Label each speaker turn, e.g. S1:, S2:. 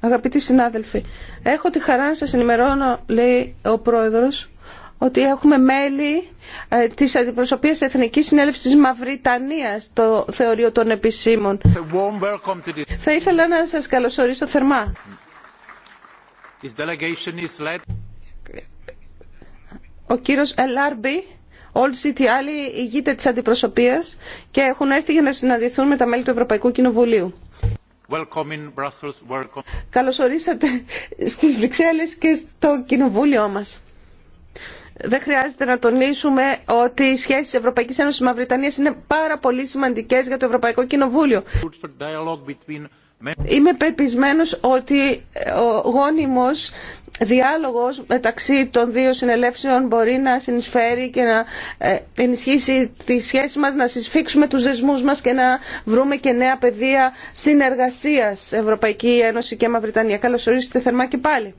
S1: Αγαπητοί συνάδελφοι, έχω τη χαρά να σας ενημερώνω, λέει ο πρόεδρος, ότι έχουμε μέλη ε, της Αντιπροσωπείας Εθνικής Συνέλευσης της Μαυριτανίας, το θεωρείο των επισήμων. Θα ήθελα να σας καλωσορίσω θερμά. Ο κύριος Ελάρμπι, όλοι οι άλλοι ηγείται της αντιπροσωπείας και έχουν έρθει για να συναντηθούν με τα μέλη του Ευρωπαϊκού Κοινοβουλίου. Καλώς ορίσατε στις Βρυξέλλες και στο κοινοβούλιο μας. Δεν χρειάζεται να τονίσουμε ότι οι σχέσει Ευρωπαϊκή Ένωση Μαυριτανία είναι πάρα πολύ σημαντικέ για το Ευρωπαϊκό Κοινοβούλιο. Είμαι πεπισμένος ότι ο γόνιμος διάλογος μεταξύ των δύο συνελεύσεων μπορεί να συνεισφέρει και να ε, ενισχύσει τη σχέση μας, να συσφίξουμε τους δεσμούς μας και να βρούμε και νέα πεδία συνεργασίας Ευρωπαϊκή Ένωση και Μαυριτανία. Καλώς ορίστε θερμά και πάλι.